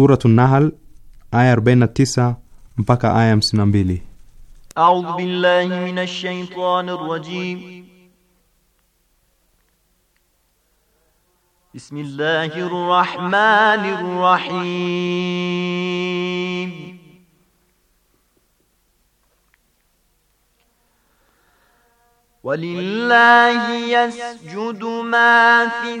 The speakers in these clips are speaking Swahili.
Suratu Nahl aya 49 mpaka aya 52. A'udhu billahi minash shaitani rrajim. Bismillahir rahmanir rahim. ولله يسجد ما في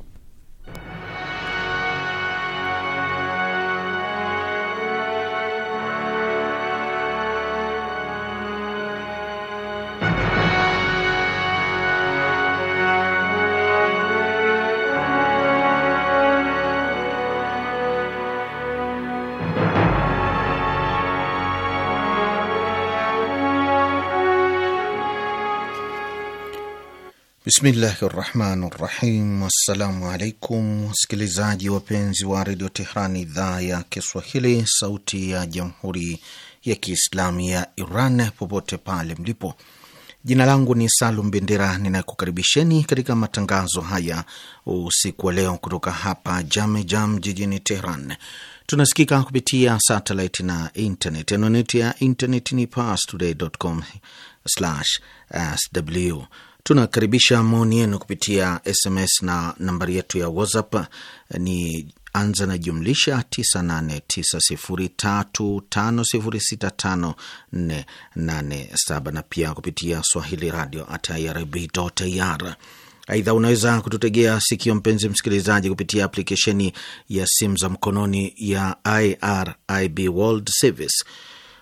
Bismillahi rahmani rahim. Assalamu alaikum wasikilizaji wapenzi wa redio Tehran, idhaa ya Kiswahili, sauti ya jamhuri ya kiislamu ya Iran, popote pale mlipo. Jina langu ni Salum Bendera, ninakukaribisheni katika matangazo haya usiku wa leo kutoka hapa Jame Jam jijini Tehran. Tunasikika kupitia satellite na internet. Anwani ya internet ni parstoday.com/sw Tunakaribisha maoni yenu kupitia SMS na nambari yetu ya WhatsApp ni anza na jumlisha 989035065487 na pia kupitia swahili radio irib.ir. Aidha, unaweza kututegea sikio mpenzi msikilizaji, kupitia aplikesheni ya simu za mkononi ya IRIB World Service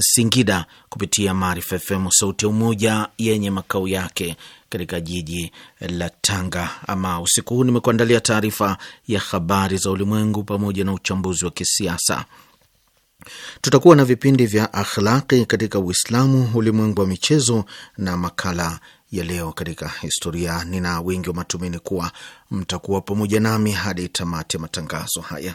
Singida kupitia Maarifa FM sauti ya Umoja yenye makao yake katika jiji la Tanga. Ama usiku huu nimekuandalia taarifa ya habari za ulimwengu pamoja na uchambuzi wa kisiasa. Tutakuwa na vipindi vya akhlaqi katika Uislamu, ulimwengu wa michezo na makala ya leo katika historia. Nina wingi wa matumaini kuwa mtakuwa pamoja nami hadi tamati ya matangazo haya.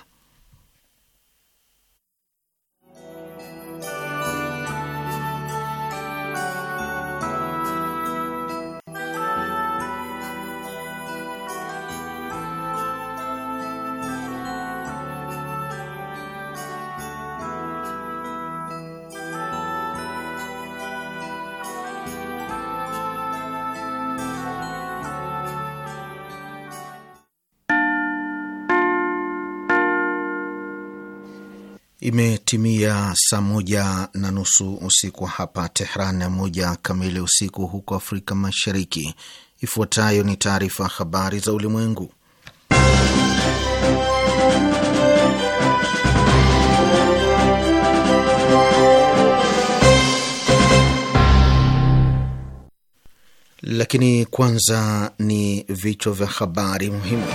Imetimia saa moja na nusu usiku hapa Tehran na moja kamili usiku huko Afrika Mashariki. Ifuatayo ni taarifa habari za ulimwengu, lakini kwanza ni vichwa vya habari muhimu.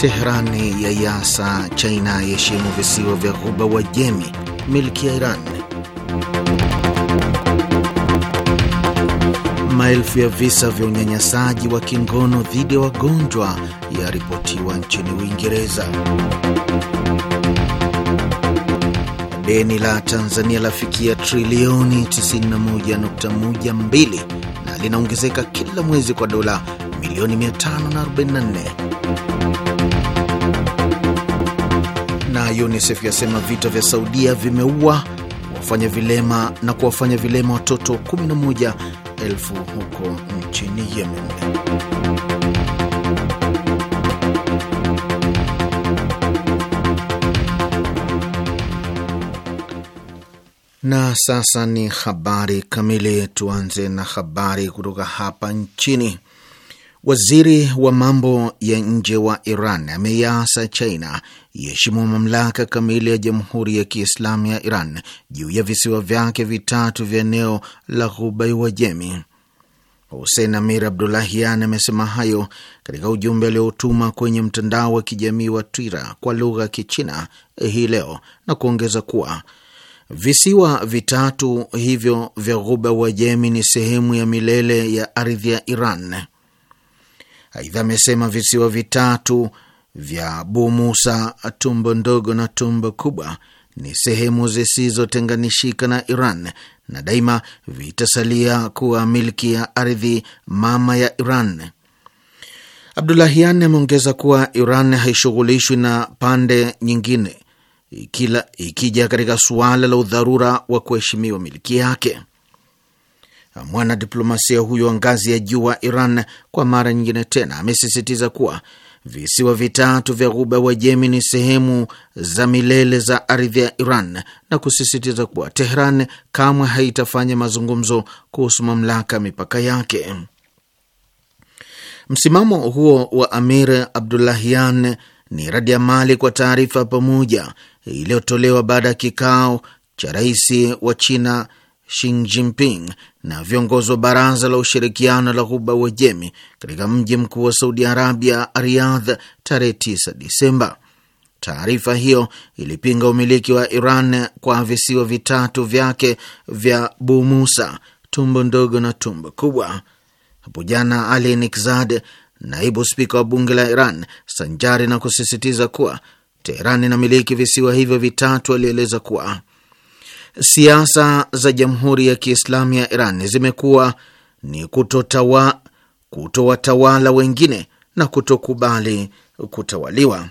Tehran ya yasa China yaheshimu visiwa vya ghuba jemi milki ya Iran. Maelfu ya visa vya unyanyasaji wa kingono dhidi ya wagonjwa yaripotiwa nchini Uingereza. Deni la Tanzania lafikia trilioni 91.12 na linaongezeka kila mwezi kwa dola milioni 544. UNICEF yasema vita vya Saudia vimeua wafanya vilema na kuwafanya vilema watoto 11 huko nchini Yemen. Na sasa ni habari kamili. Tuanze na habari kutoka hapa nchini. Waziri wa mambo ya nje wa Iran ameiasa China iheshimu mamlaka kamili ya Jamhuri ya Kiislamu ya Iran juu ya visiwa vyake vitatu vya eneo la Ghuba ya Uajemi. Husein Amir Abdulahian amesema hayo katika ujumbe aliotuma kwenye mtandao wa kijamii wa Twitter kwa lugha ya Kichina hii leo na kuongeza kuwa visiwa vitatu hivyo vya Ghuba Uajemi ni sehemu ya milele ya ardhi ya Iran. Aidha amesema visiwa vitatu vya Bumusa, Tumbo Ndogo na Tumbo Kubwa ni sehemu zisizotenganishika na Iran na daima vitasalia kuwa milki ya ardhi mama ya Iran. Abdulahian ameongeza kuwa Iran haishughulishwi na pande nyingine ikila, ikija katika suala la udharura wa kuheshimiwa miliki yake. Mwanadiplomasia huyo wa ngazi ya juu wa Iran kwa mara nyingine tena amesisitiza kuwa visiwa vitatu vya ghuba Wajemi ni sehemu za milele za ardhi ya Iran na kusisitiza kuwa Tehran kamwe haitafanya mazungumzo kuhusu mamlaka ya mipaka yake. Msimamo huo wa Amir Abdullahian ni radi ya mali kwa taarifa pamoja iliyotolewa baada ya kikao cha rais wa China Xi Jinping na viongozi wa baraza la ushirikiano la Ghuba Uajemi katika mji mkuu wa Saudi Arabia, Riyadh, tarehe 9 Disemba. Taarifa hiyo ilipinga umiliki wa Iran kwa visiwa vitatu vyake vya Bumusa, Tumbo Ndogo na Tumbo Kubwa. Hapo jana, Ali Nikzad, naibu spika wa bunge la Iran, sanjari na kusisitiza kuwa Teherani inamiliki visiwa hivyo vitatu, alieleza kuwa siasa za Jamhuri ya Kiislamu ya Iran zimekuwa ni kutotawa, kutowatawala wengine na kutokubali kutawaliwa.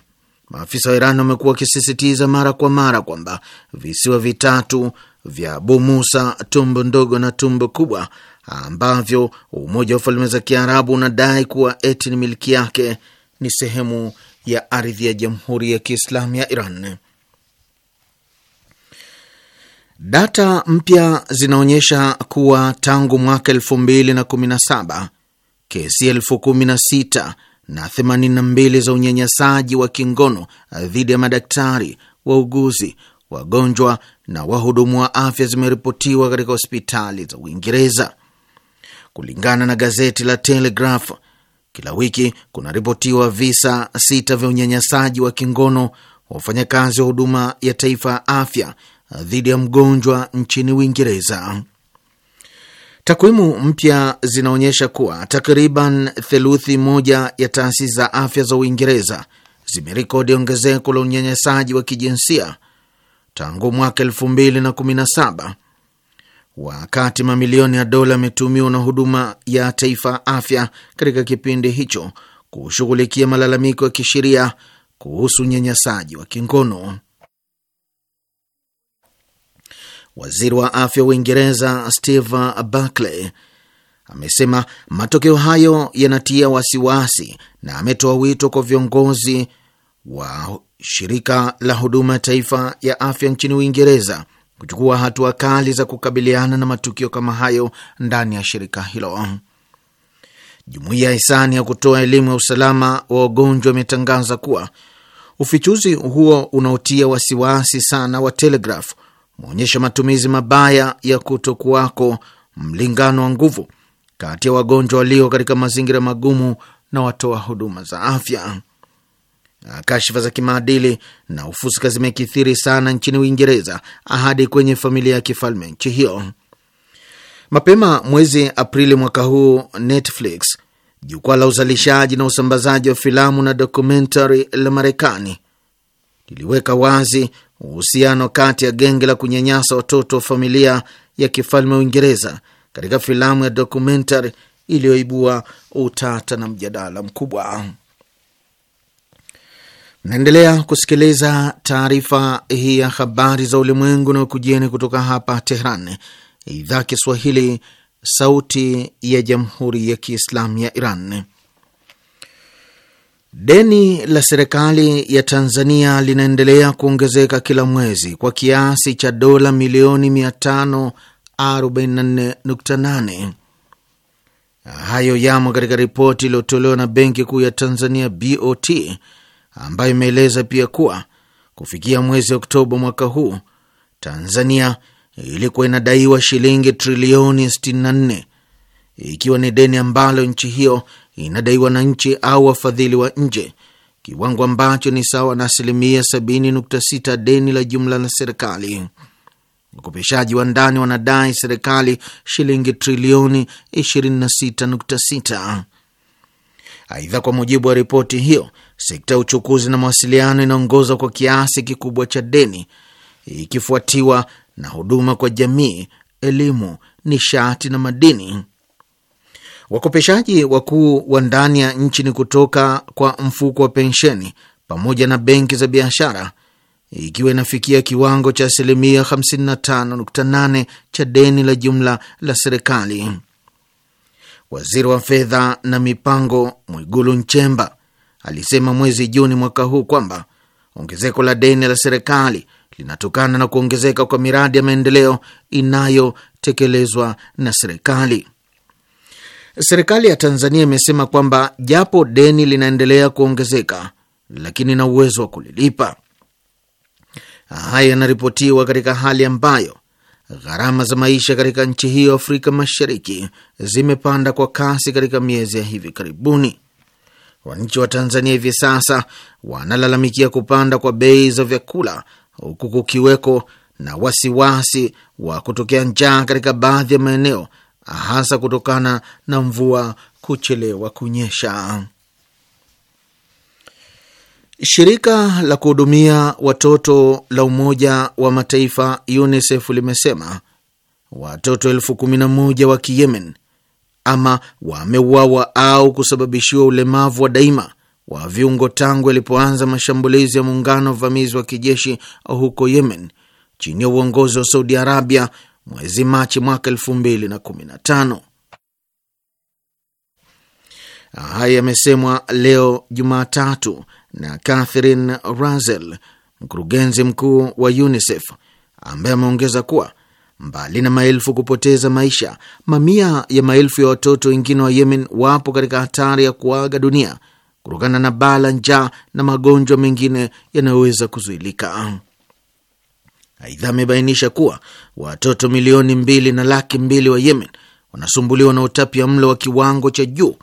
Maafisa wa Iran wamekuwa wakisisitiza mara kwa mara kwamba visiwa vitatu vya Abu Musa, Tumbu Ndogo na Tumbu Kubwa ambavyo Umoja wa Falme za Kiarabu unadai kuwa eti ni milki yake ni sehemu ya ardhi ya Jamhuri ya Kiislamu ya Iran. Data mpya zinaonyesha kuwa tangu mwaka 2017 kesi 16 na 82 za unyanyasaji wa kingono dhidi ya madaktari, wauguzi, wagonjwa na wahudumu wa afya zimeripotiwa katika hospitali za Uingereza. Kulingana na gazeti la Telegraph, kila wiki kunaripotiwa visa sita vya unyanyasaji wa kingono wa wafanyakazi wa huduma ya taifa ya afya dhidi ya mgonjwa nchini Uingereza. Takwimu mpya zinaonyesha kuwa takriban theluthi moja ya taasisi za afya za Uingereza zimerekodi ongezeko la unyanyasaji wa kijinsia tangu mwaka 217 wakati mamilioni ya dola yametumiwa na huduma ya taifa afya katika kipindi hicho kushughulikia malalamiko ya kisheria kuhusu unyanyasaji wa kingono. Waziri wa afya wa Uingereza Steve Barclay amesema matokeo hayo yanatia wasiwasi na ametoa wito kwa viongozi wa shirika la huduma ya taifa ya afya nchini Uingereza kuchukua hatua kali za kukabiliana na matukio kama hayo ndani ya shirika hilo. Jumuiya ya hisani ya kutoa elimu ya usalama wa wagonjwa imetangaza kuwa ufichuzi huo unaotia wasiwasi sana wa Telegraph umeonyesha matumizi mabaya ya kutokuwako mlingano wa nguvu kati ya wagonjwa walio katika mazingira magumu na watoa huduma za afya. Kashifa za kimaadili na ufusika zimekithiri sana nchini Uingereza hadi kwenye familia ya kifalme nchi hiyo. Mapema mwezi Aprili mwaka huu, Netflix, jukwaa la uzalishaji na usambazaji wa filamu na dokumentari la Marekani, liliweka wazi uhusiano kati ya genge la kunyanyasa watoto wa familia ya kifalme wa Uingereza katika filamu ya dokumentari iliyoibua utata na mjadala mkubwa. Naendelea kusikiliza taarifa hii ya habari za ulimwengu na ukujieni kutoka hapa Tehran, idhaa Kiswahili, sauti ya jamhuri ya kiislamu ya Iran. Deni la serikali ya Tanzania linaendelea kuongezeka kila mwezi kwa kiasi cha dola milioni 544.8. Hayo yamo katika ripoti iliyotolewa na Benki Kuu ya Tanzania BOT, ambayo imeeleza pia kuwa kufikia mwezi Oktoba mwaka huu Tanzania ilikuwa inadaiwa shilingi trilioni 64 ikiwa ni deni ambalo nchi hiyo inadaiwa na nchi au wafadhili wa nje, kiwango ambacho ni sawa na asilimia 70.6 deni la jumla la serikali. Wakopeshaji wa ndani wanadai serikali shilingi trilioni 26.6. Aidha, kwa mujibu wa ripoti hiyo, sekta ya uchukuzi na mawasiliano inaongoza kwa kiasi kikubwa cha deni ikifuatiwa na huduma kwa jamii, elimu, nishati na madini. Wakopeshaji wakuu wa ndani ya nchi ni kutoka kwa mfuko wa pensheni pamoja na benki za biashara, ikiwa inafikia kiwango cha asilimia 55.8 cha deni la jumla la serikali. Waziri wa fedha na mipango Mwigulu Nchemba alisema mwezi Juni mwaka huu kwamba ongezeko la deni la serikali linatokana na kuongezeka kwa miradi ya maendeleo inayotekelezwa na serikali. Serikali ya Tanzania imesema kwamba japo deni linaendelea kuongezeka, lakini na uwezo wa kulilipa. Haya yanaripotiwa katika hali ambayo gharama za maisha katika nchi hiyo Afrika Mashariki zimepanda kwa kasi katika miezi ya hivi karibuni. Wananchi wa Tanzania hivi sasa wanalalamikia kupanda kwa bei za vyakula, huku kukiweko na wasiwasi wa kutokea njaa katika baadhi ya maeneo hasa kutokana na mvua kuchelewa kunyesha. Shirika la kuhudumia watoto la Umoja wa Mataifa UNICEF limesema watoto elfu kumi na moja wa Kiyemen ama wameuawa au kusababishiwa ulemavu wa daima wa viungo tangu yalipoanza mashambulizi ya muungano wa uvamizi wa kijeshi huko Yemen chini ya uongozi wa Saudi Arabia mwezi Machi mwaka elfu mbili na kumi na tano. Haya yamesemwa leo Jumatatu na Catherine Russell, mkurugenzi mkuu wa UNICEF, ambaye ameongeza kuwa mbali na maelfu kupoteza maisha, mamia ya maelfu ya watoto wengine wa Yemen wapo katika hatari ya kuaga dunia kutokana na bala njaa na magonjwa mengine yanayoweza kuzuilika. Aidha, amebainisha kuwa watoto milioni mbili na laki mbili wa Yemen wanasumbuliwa na utapia mlo wa kiwango cha juu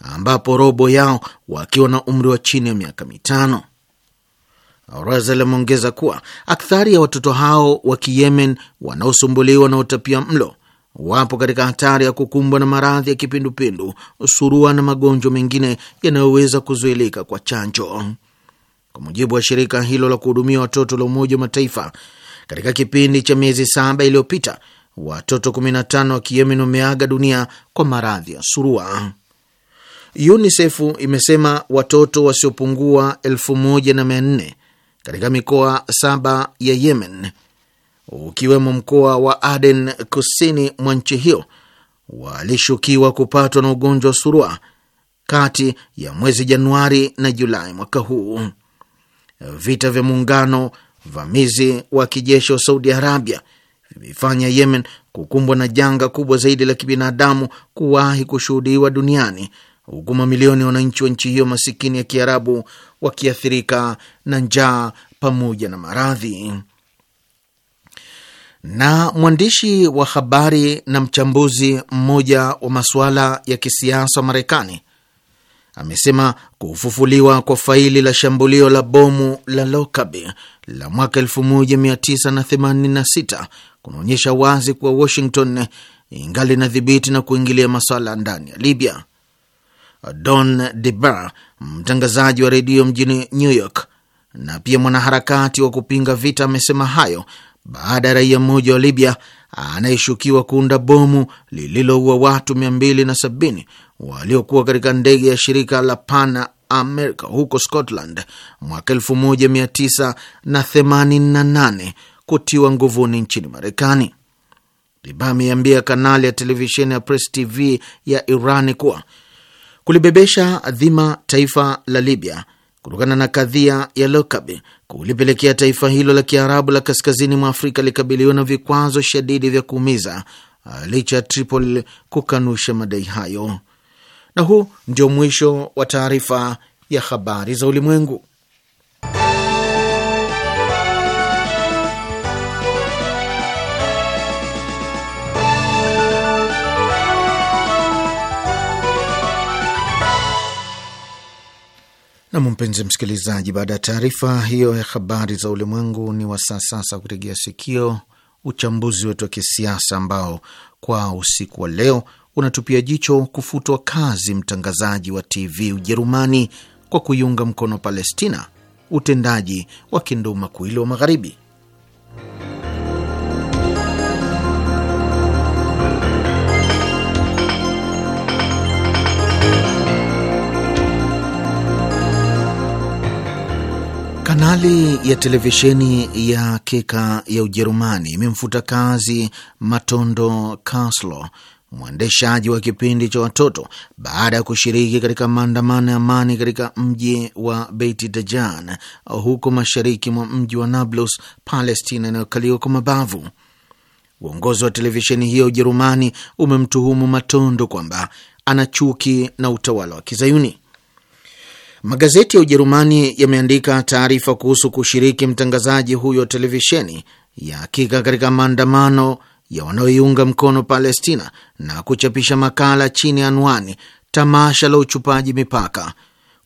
ambapo robo yao wakiwa na umri wa chini ya miaka mitano. Razal ameongeza kuwa akthari ya watoto hao wa Kiyemen wanaosumbuliwa na utapia mlo wapo katika hatari ya kukumbwa na maradhi ya kipindupindu, surua na magonjwa mengine yanayoweza kuzuilika kwa chanjo. Kwa mujibu wa shirika hilo la kuhudumia watoto la Umoja wa Mataifa, katika kipindi cha miezi saba iliyopita watoto 15 wa Kiyemen wameaga dunia kwa maradhi ya surua. UNICEF imesema watoto wasiopungua 1400 katika mikoa saba ya Yemen ukiwemo mkoa wa Aden kusini mwa nchi hiyo walishukiwa kupatwa na ugonjwa wa surua kati ya mwezi Januari na Julai mwaka huu. Vita vya muungano Uvamizi wa kijeshi wa Saudi Arabia vimeifanya Yemen kukumbwa na janga kubwa zaidi la kibinadamu kuwahi kushuhudiwa duniani huku mamilioni ya wananchi wa nchi hiyo masikini ya Kiarabu wakiathirika na njaa pamoja na maradhi. Na mwandishi wa habari na mchambuzi mmoja wa masuala ya kisiasa wa Marekani amesema kufufuliwa kwa faili la shambulio la bomu la Lockerbie la mwaka 1986 kunaonyesha wazi kuwa Washington ingali inadhibiti na kuingilia masuala ndani ya Libya. Don De Bar, mtangazaji wa redio mjini New York na pia mwanaharakati wa kupinga vita, amesema hayo baada ya raia mmoja wa Libya anayeshukiwa kuunda bomu lililoua watu 270 waliokuwa katika ndege ya shirika la Pana Amerika huko Scotland mwaka 1988 kutiwa nguvuni nchini Marekani. Liba ameiambia kanali ya televisheni ya Press TV ya iran kuwa kulibebesha dhima taifa la Libya kutokana na kadhia ya Lokabi kulipelekea taifa hilo la Kiarabu la kaskazini mwa Afrika likabiliwa na vikwazo shadidi vya kuumiza licha ya Tripoli kukanusha madai hayo. Na huu ndio mwisho wa taarifa ya habari za ulimwengu. Nam, mpenzi msikilizaji, baada ya taarifa hiyo ya habari za ulimwengu, ni wasaa sasa kutegea sikio uchambuzi wetu wa kisiasa ambao kwa usiku wa leo unatupia jicho kufutwa kazi mtangazaji wa TV Ujerumani kwa kuiunga mkono Palestina, utendaji wa kinduma kuili wa Magharibi. Kanali ya televisheni ya kika ya Ujerumani imemfuta kazi Matondo Kaslo mwendeshaji wa kipindi cha watoto baada ya kushiriki katika maandamano ya amani katika mji wa Beit Dajan huko mashariki mwa mji wa Nablus, Palestina inayokaliwa kwa mabavu. Uongozi wa televisheni hiyo Ujerumani umemtuhumu Matondo kwamba ana chuki na utawala wa Kizayuni. Magazeti ya Ujerumani yameandika taarifa kuhusu kushiriki mtangazaji huyo wa televisheni ya hakika katika maandamano ya wanaoiunga mkono Palestina na kuchapisha makala chini ya anwani tamasha la uchupaji mipaka,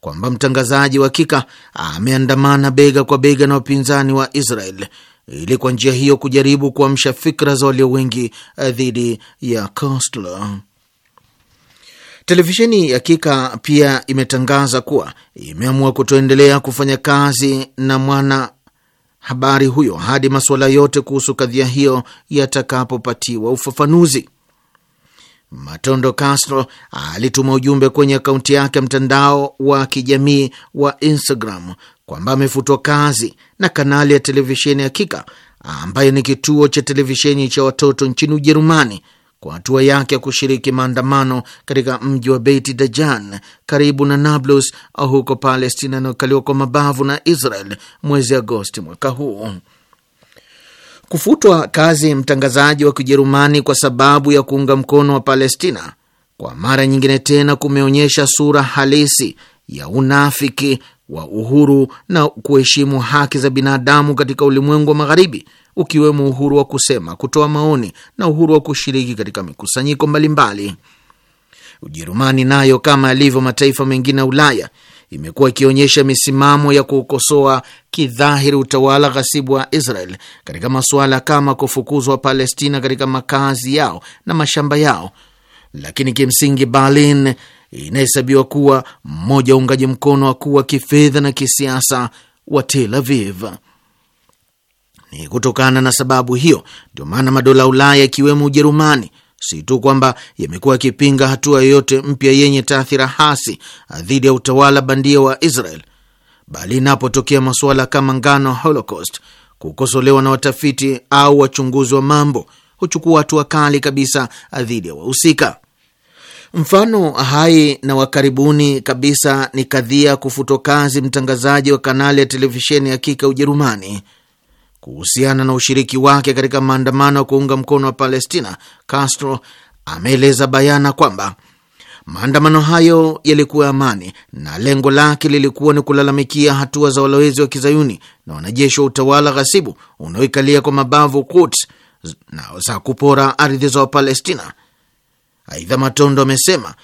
kwamba mtangazaji wa kika ameandamana bega kwa bega na wapinzani wa Israel ili kwa njia hiyo kujaribu kuamsha fikra za walio wengi eh, dhidi ya Kostler. Televisheni kika pia imetangaza kuwa imeamua kutoendelea kufanya kazi na mwana habari huyo hadi masuala yote kuhusu kadhia hiyo yatakapopatiwa ufafanuzi. Matondo Castro alituma ujumbe kwenye akaunti yake mtandao wa kijamii wa Instagram kwamba amefutwa kazi na kanali ya televisheni Hakika ambayo ni kituo cha televisheni cha watoto nchini Ujerumani kwa hatua yake ya kushiriki maandamano katika mji wa Beiti Dajan karibu na Nablus huko Palestina inayokaliwa kwa mabavu na Israel mwezi Agosti mwaka huu. Kufutwa kazi mtangazaji wa Kijerumani kwa sababu ya kuunga mkono wa Palestina kwa mara nyingine tena kumeonyesha sura halisi ya unafiki wa uhuru na kuheshimu haki za binadamu katika ulimwengu wa Magharibi, ukiwemo uhuru wa kusema, kutoa maoni na uhuru wa kushiriki katika mikusanyiko mbalimbali. Ujerumani nayo kama yalivyo mataifa mengine ya Ulaya imekuwa ikionyesha misimamo ya kuukosoa kidhahiri utawala ghasibu wa Israel katika masuala kama kufukuzwa Palestina katika makazi yao na mashamba yao, lakini kimsingi Berlin inahesabiwa kuwa mmoja wa uungaji mkono wakuu wa kifedha na kisiasa wa Tel Aviv. Ni kutokana na sababu hiyo ndio maana madola ya Ulaya yakiwemo Ujerumani si tu kwamba yamekuwa yakipinga hatua yoyote mpya yenye taathira hasi ah, dhidi ya utawala bandia wa Israel, bali inapotokea masuala kama ngano Holocaust kukosolewa na watafiti au wachunguzi wa mambo huchukua hatua kali kabisa ah, dhidi ya wahusika. Mfano hai na wa karibuni kabisa ni kadhia kufutwa kazi mtangazaji wa kanali ya televisheni Hakika Ujerumani kuhusiana na ushiriki wake katika maandamano ya kuunga mkono wa Palestina. Castro ameeleza bayana kwamba maandamano hayo yalikuwa amani na lengo lake lilikuwa ni kulalamikia hatua za walowezi wa kizayuni na wanajeshi wa utawala ghasibu unaoikalia kwa mabavu Quds na za kupora ardhi za Wapalestina Aidha, Matondo amesema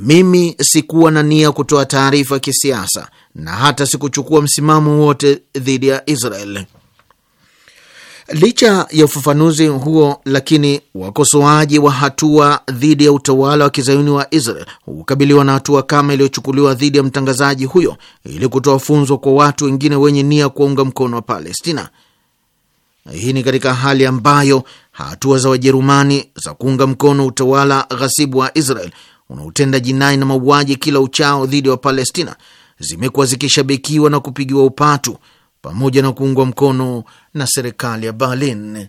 mimi sikuwa na nia kutoa taarifa ya kisiasa na hata sikuchukua msimamo wote dhidi ya Israel. Licha ya ufafanuzi huo, lakini wakosoaji wa hatua dhidi ya utawala wa kizayuni wa Israel hukabiliwa na hatua kama iliyochukuliwa dhidi ya mtangazaji huyo ili kutoa funzo kwa watu wengine wenye nia kuwaunga mkono wa Palestina. Hii ni katika hali ambayo hatua za Wajerumani za kuunga mkono utawala ghasibu wa Israel unaotenda jinai na mauaji kila uchao dhidi ya Wapalestina zimekuwa zikishabikiwa na kupigiwa upatu pamoja na kuungwa mkono na serikali ya Berlin.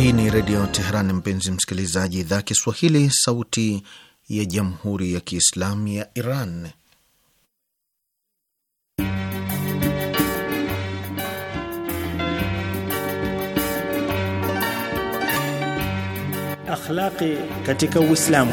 Hii ni Redio Teheran, mpenzi msikilizaji, idhaa Kiswahili, sauti ya Jamhuri ya Kiislamu ya Iran. Akhlaqi katika Uislamu.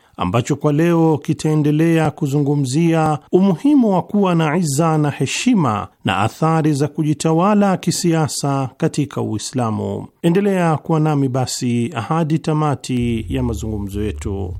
ambacho kwa leo kitaendelea kuzungumzia umuhimu wa kuwa na iza na heshima na athari za kujitawala kisiasa katika Uislamu. Endelea kuwa nami basi ahadi tamati ya mazungumzo yetu.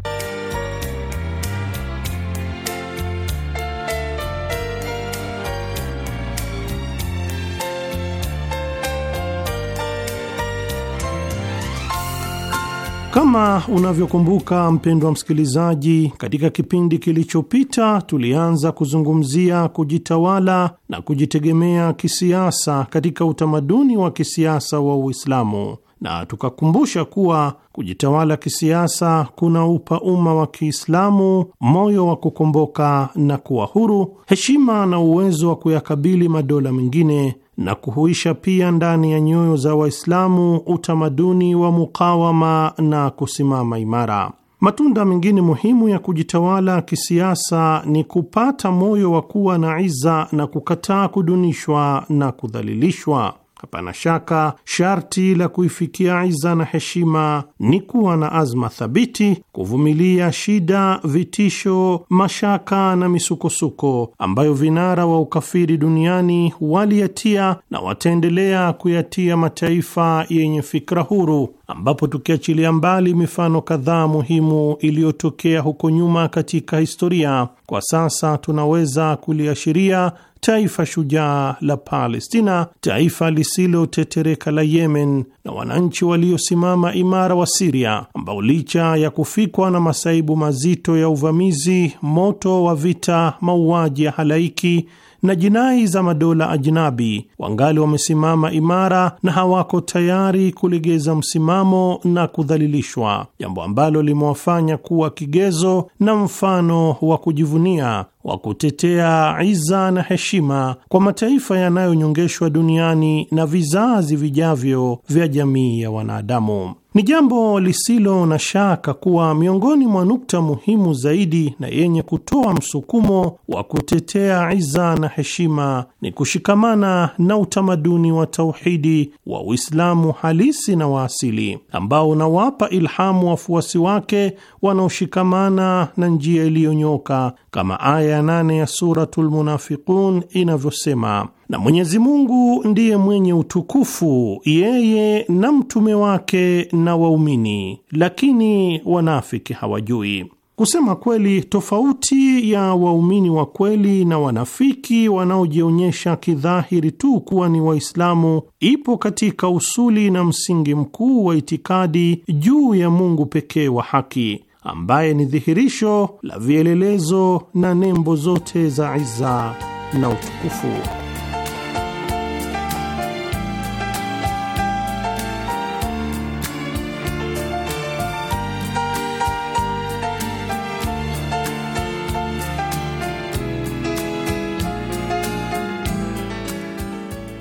Kama unavyokumbuka mpendwa msikilizaji, katika kipindi kilichopita tulianza kuzungumzia kujitawala na kujitegemea kisiasa katika utamaduni wa kisiasa wa Uislamu na tukakumbusha kuwa kujitawala kisiasa kuna upa umma wa Kiislamu moyo wa kukomboka na kuwa huru, heshima na uwezo wa kuyakabili madola mengine na kuhuisha pia ndani ya nyoyo za Waislamu utamaduni wa mukawama na kusimama imara. Matunda mengine muhimu ya kujitawala kisiasa ni kupata moyo wa kuwa na iza na kukataa kudunishwa na kudhalilishwa. Hapana shaka sharti la kuifikia iza na heshima ni kuwa na azma thabiti, kuvumilia shida, vitisho, mashaka na misukosuko ambayo vinara wa ukafiri duniani waliyatia na wataendelea kuyatia mataifa yenye fikra huru, ambapo tukiachilia mbali mifano kadhaa muhimu iliyotokea huko nyuma katika historia, kwa sasa tunaweza kuliashiria taifa shujaa la Palestina, taifa lisilotetereka la Yemen na wananchi waliosimama imara wa Siria, ambao licha ya kufikwa na masaibu mazito ya uvamizi, moto wa vita, mauaji ya halaiki na jinai za madola ajnabi, wangali wamesimama imara na hawako tayari kulegeza msimamo na kudhalilishwa, jambo ambalo limewafanya kuwa kigezo na mfano wa kujivunia wa kutetea iza na heshima kwa mataifa yanayonyongeshwa duniani na vizazi vijavyo vya jamii ya wanadamu. Ni jambo lisilo na shaka kuwa miongoni mwa nukta muhimu zaidi na yenye kutoa msukumo wa kutetea iza na heshima ni kushikamana na utamaduni wa tauhidi wa Uislamu halisi na waasili ambao unawapa ilhamu wafuasi wake wanaoshikamana na njia iliyonyoka kama aya ya nane ya Suratul Munafiqun inavyosema, na Mwenyezi Mungu ndiye mwenye utukufu, yeye na mtume wake na waumini, lakini wanafiki hawajui. Kusema kweli, tofauti ya waumini wa kweli na wanafiki wanaojionyesha kidhahiri tu kuwa ni Waislamu ipo katika usuli na msingi mkuu wa itikadi juu ya Mungu pekee wa haki ambaye ni dhihirisho la vielelezo na nembo zote za iza na utukufu.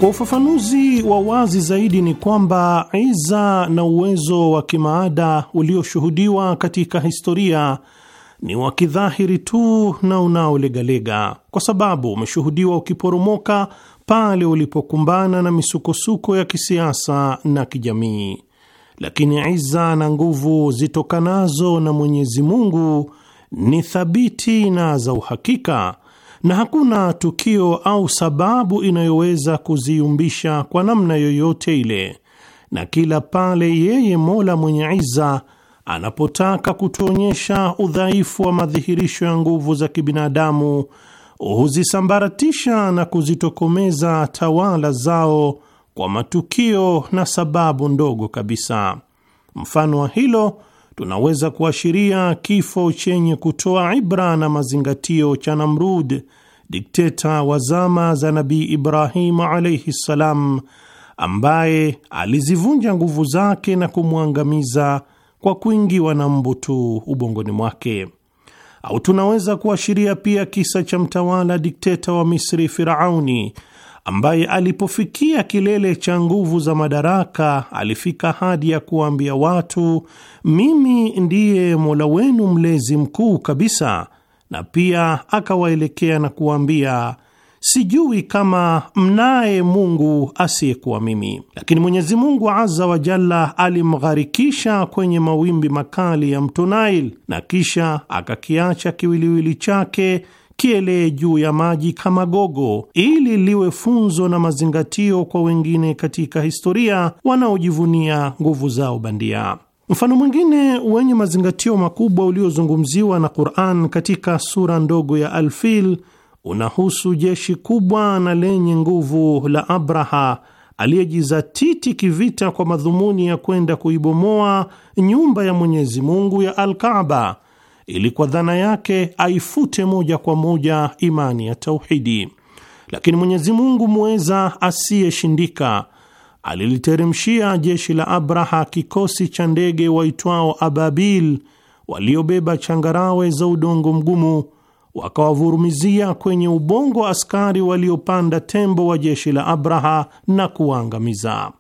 Kwa ufafanuzi wa wazi zaidi ni kwamba iza na uwezo wa kimaada ulioshuhudiwa katika historia ni wa kidhahiri tu na unaolegalega, kwa sababu umeshuhudiwa ukiporomoka pale ulipokumbana na misukosuko ya kisiasa na kijamii. Lakini iza na nguvu zitokanazo na Mwenyezi Mungu ni thabiti na za uhakika na hakuna tukio au sababu inayoweza kuziumbisha kwa namna yoyote ile, na kila pale yeye Mola mwenye iza anapotaka kutuonyesha udhaifu wa madhihirisho ya nguvu za kibinadamu huzisambaratisha na kuzitokomeza tawala zao kwa matukio na sababu ndogo kabisa. Mfano wa hilo tunaweza kuashiria kifo chenye kutoa ibra na mazingatio cha Namrud, dikteta wa zama za Nabii Ibrahimu alaihi ssalam, ambaye alizivunja nguvu zake na kumwangamiza kwa kuingiwa na mbu tu ubongoni mwake. Au tunaweza kuashiria pia kisa cha mtawala dikteta wa Misri Firauni ambaye alipofikia kilele cha nguvu za madaraka alifika hadi ya kuwaambia watu, mimi ndiye Mola wenu mlezi mkuu kabisa, na pia akawaelekea na kuwaambia Sijui kama mnaye Mungu asiyekuwa mimi. Lakini Mwenyezi Mungu azza wa jalla alimgharikisha kwenye mawimbi makali ya mto Nile na kisha akakiacha kiwiliwili chake kielee juu ya maji kama gogo, ili liwe funzo na mazingatio kwa wengine katika historia wanaojivunia nguvu zao bandia. Mfano mwingine wenye mazingatio makubwa uliozungumziwa na Qur'an katika sura ndogo ya alfil unahusu jeshi kubwa na lenye nguvu la Abraha aliyejizatiti kivita kwa madhumuni ya kwenda kuibomoa nyumba ya Mwenyezi Mungu ya alkaba ili kwa dhana yake aifute moja kwa moja imani ya tauhidi, lakini Mwenyezi Mungu muweza asiyeshindika aliliteremshia jeshi la Abraha kikosi cha ndege waitwao ababil waliobeba changarawe za udongo mgumu, wakawavurumizia kwenye ubongo askari waliopanda tembo wa jeshi la Abraha na kuwaangamiza.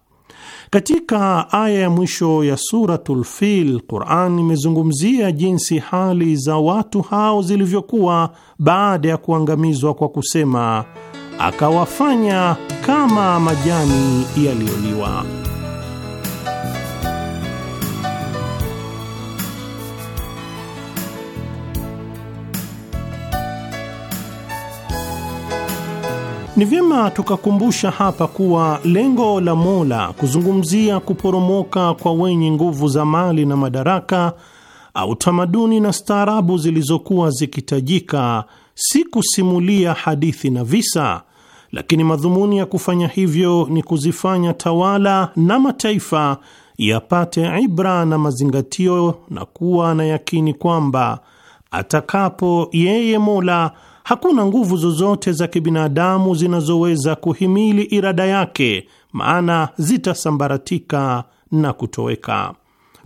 Katika aya ya mwisho ya Suratul Fil, Quran imezungumzia jinsi hali za watu hao zilivyokuwa baada ya kuangamizwa kwa kusema, akawafanya kama majani yaliyoliwa. Ni vyema tukakumbusha hapa kuwa lengo la Mola kuzungumzia kuporomoka kwa wenye nguvu za mali na madaraka au tamaduni na staarabu zilizokuwa zikitajika, si kusimulia hadithi na visa, lakini madhumuni ya kufanya hivyo ni kuzifanya tawala na mataifa yapate ibra na mazingatio na kuwa na yakini kwamba atakapo yeye Mola hakuna nguvu zozote za kibinadamu zinazoweza kuhimili irada yake, maana zitasambaratika na kutoweka.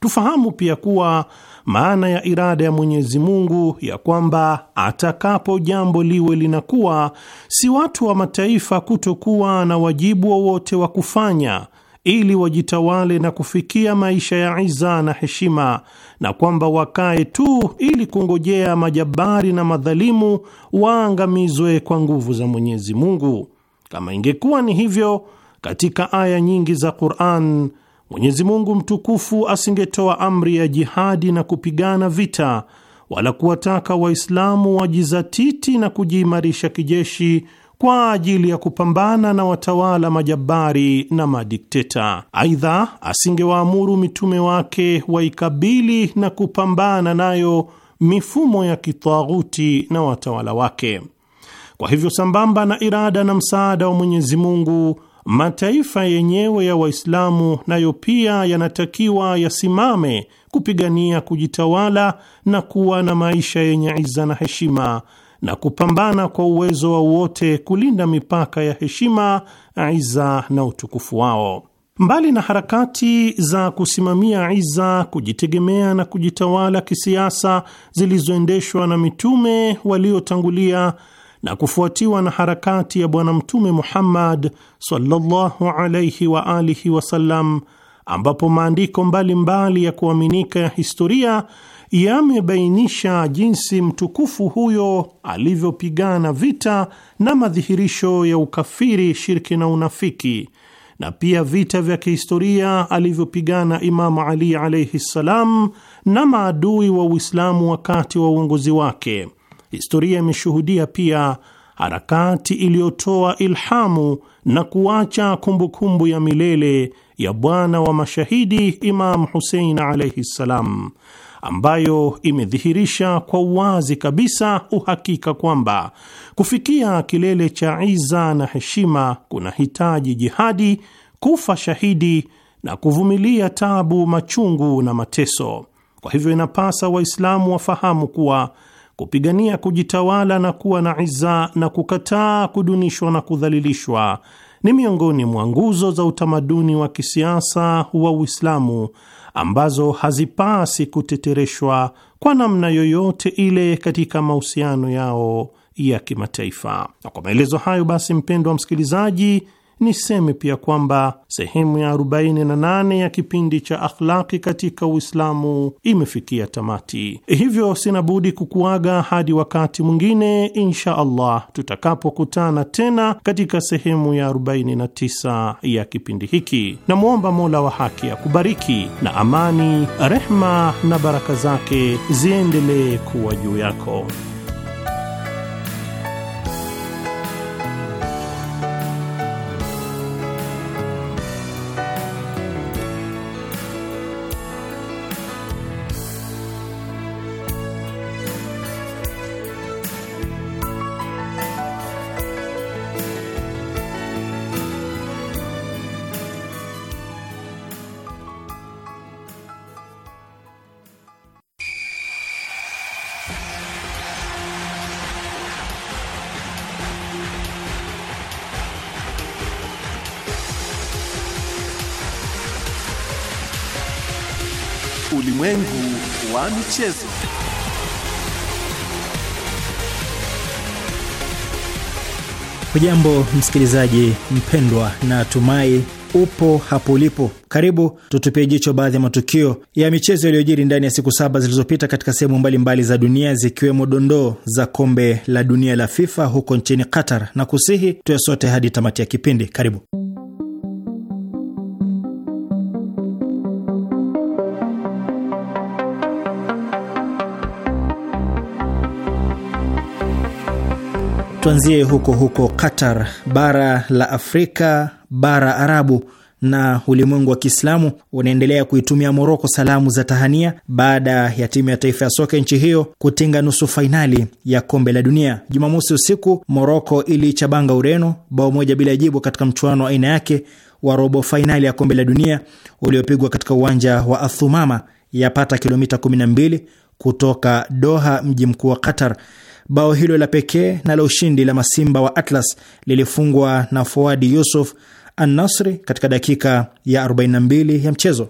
Tufahamu pia kuwa maana ya irada ya Mwenyezi Mungu ya kwamba atakapo jambo liwe linakuwa, si watu wa mataifa kutokuwa na wajibu wowote wa, wa kufanya ili wajitawale na kufikia maisha ya iza na heshima, na kwamba wakae tu ili kungojea majabari na madhalimu waangamizwe kwa nguvu za Mwenyezi Mungu. Kama ingekuwa ni hivyo, katika aya nyingi za Qur'an Mwenyezi Mungu mtukufu asingetoa amri ya jihadi na kupigana vita wala kuwataka Waislamu wajizatiti na kujiimarisha kijeshi kwa ajili ya kupambana na watawala majabari na madikteta. Aidha, asingewaamuru mitume wake waikabili na kupambana nayo mifumo ya kitaghuti na watawala wake. Kwa hivyo, sambamba na irada na msaada wa Mwenyezi Mungu, mataifa yenyewe ya Waislamu nayo pia yanatakiwa yasimame kupigania kujitawala na kuwa na maisha yenye iza na heshima na kupambana kwa uwezo wa wote kulinda mipaka ya heshima, iza na utukufu wao. Mbali na harakati za kusimamia iza, kujitegemea na kujitawala kisiasa zilizoendeshwa na mitume waliotangulia na kufuatiwa na harakati ya Bwana Mtume Muhammad sallallahu wa alihi wasallam, ambapo maandiko mbalimbali ya kuaminika ya historia yamebainisha jinsi mtukufu huyo alivyopigana vita na madhihirisho ya ukafiri, shirki na unafiki, na pia vita vya kihistoria alivyopigana Imamu Ali alaihi ssalam na maadui wa Uislamu wakati wa uongozi wake. Historia imeshuhudia pia harakati iliyotoa ilhamu na kuacha kumbukumbu ya milele ya bwana wa mashahidi Imam Husein alaihi ssalam ambayo imedhihirisha kwa uwazi kabisa uhakika kwamba kufikia kilele cha iza na heshima kunahitaji jihadi, kufa shahidi na kuvumilia tabu, machungu na mateso. Kwa hivyo inapasa Waislamu wafahamu kuwa kupigania kujitawala na kuwa na iza na kukataa kudunishwa na kudhalilishwa ni miongoni mwa nguzo za utamaduni wa kisiasa wa Uislamu ambazo hazipasi kutetereshwa kwa namna yoyote ile katika mahusiano yao ya kimataifa. Na kwa maelezo hayo basi, mpendwa msikilizaji Niseme pia kwamba sehemu ya 48 ya kipindi cha akhlaki katika Uislamu imefikia tamati, hivyo sina budi kukuaga hadi wakati mwingine insha Allah, tutakapokutana tena katika sehemu ya 49 ya kipindi hiki. Namwomba Mola wa haki akubariki, na amani, rehma na baraka zake ziendelee kuwa juu yako. michezo. Hujambo msikilizaji mpendwa, na tumai upo hapo ulipo. Karibu tutupie jicho baadhi ya matukio ya michezo yaliyojiri ndani ya siku saba zilizopita katika sehemu mbalimbali za dunia, zikiwemo dondoo za kombe la dunia la FIFA huko nchini Qatar, na kusihi tuwe sote hadi tamati ya kipindi. Karibu. Tuanzie huko huko Qatar. Bara la Afrika, bara Arabu na ulimwengu wa Kiislamu unaendelea kuitumia Moroko salamu za tahania baada ya timu ya taifa ya soka nchi hiyo kutinga nusu fainali ya kombe la dunia. Jumamosi usiku, Moroko iliichabanga Ureno bao moja bila jibu katika mchuano wa aina yake wa robo fainali ya kombe la dunia uliopigwa katika uwanja wa Athumama yapata kilomita 12 kutoka Doha, mji mkuu wa Qatar. Bao hilo la pekee na la ushindi la masimba wa Atlas lilifungwa na Fuadi Yusuf anasri katika dakika ya 42 ya mchezo.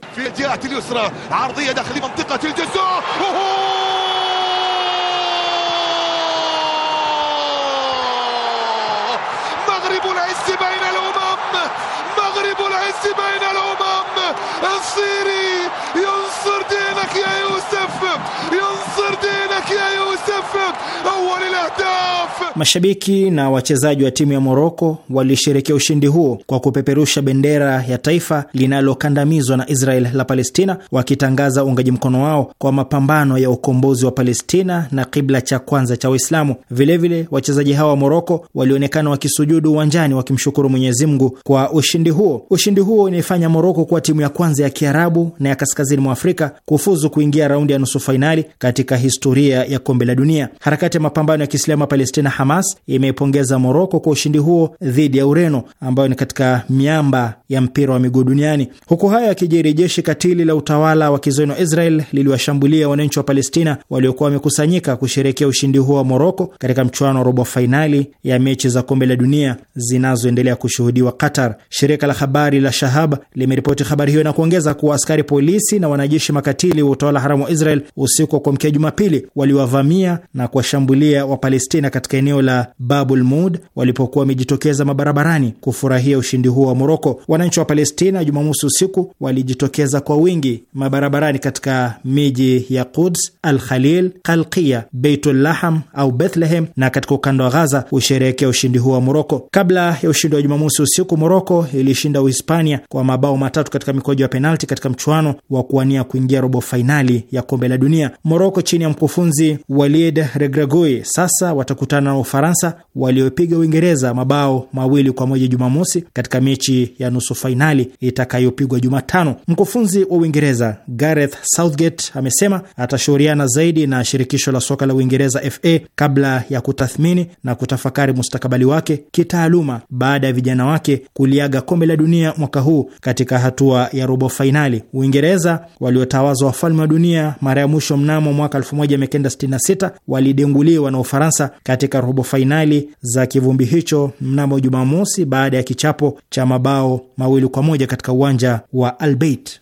Mashabiki na wachezaji wa timu ya Moroko walisherekea ushindi huo kwa kupeperusha bendera ya taifa linalokandamizwa na Israel la Palestina, wakitangaza uungaji mkono wao kwa mapambano ya ukombozi wa Palestina na kibla cha kwanza cha Waislamu. Vilevile, wachezaji hawa wa Moroko walionekana wakisujudu uwanjani wakimshukuru Mwenyezi Mungu kwa ushindi huo. Ushindi huo unaifanya Moroko kuwa timu ya kwanza ya Kiarabu na ya kaskazini mwa Afrika kufuzu kuingia raundi ya nusu fainali katika historia ya kombe la dunia dunia. Harakati ya mapambano ya Kiislamu ya Palestina, Hamas, imeipongeza Moroko kwa ushindi huo dhidi ya Ureno ambayo ni katika miamba ya mpira wa miguu duniani. Huku hayo yakijiri, jeshi katili la utawala wa kizayuni wa Israel liliwashambulia wananchi wa Palestina waliokuwa wamekusanyika kusherekea ushindi huo wa Moroko katika mchuano wa robo fainali ya mechi za kombe la dunia zinazoendelea kushuhudiwa Qatar. Shirika la habari la Shahab limeripoti habari hiyo na kuongeza kuwa askari polisi na wanajeshi makatili wa utawala haramu wa Israel usiku wa kuamkia Jumapili waliwavamia na kuwashambulia Wapalestina katika eneo la Babul Mud walipokuwa wamejitokeza mabarabarani kufurahia ushindi huo wa Moroko. Wananchi wa Palestina Jumamosi usiku walijitokeza kwa wingi mabarabarani katika miji ya Quds, Al Khalil, Kalkia, Beitul Laham au Bethlehem na katika ukanda wa Ghaza kusherehekea ushindi huo wa Moroko. Kabla ya ushindi wa Jumamosi usiku, Moroko ilishinda Uhispania kwa mabao matatu katika mikoja ya penalti katika mchuano wa kuwania kuingia robo fainali ya kombe la dunia. Moroko chini ya mkufunzi Walid Regragui sasa watakutana na Ufaransa waliopiga Uingereza mabao mawili kwa moja Jumamosi katika mechi ya nusu fainali itakayopigwa Jumatano. Mkufunzi wa Uingereza Gareth Southgate amesema atashauriana zaidi na shirikisho la soka la Uingereza FA kabla ya kutathmini na kutafakari mustakabali wake kitaaluma baada ya vijana wake kuliaga kombe la dunia mwaka huu katika hatua ya robo fainali. Uingereza waliotawazwa wafalme wa dunia mara ya mwisho mnamo mwaka 1966 walidenguliwa na Ufaransa katika robo fainali za kivumbi hicho mnamo Jumamosi baada ya kichapo cha mabao mawili kwa moja katika uwanja wa Al Bayt.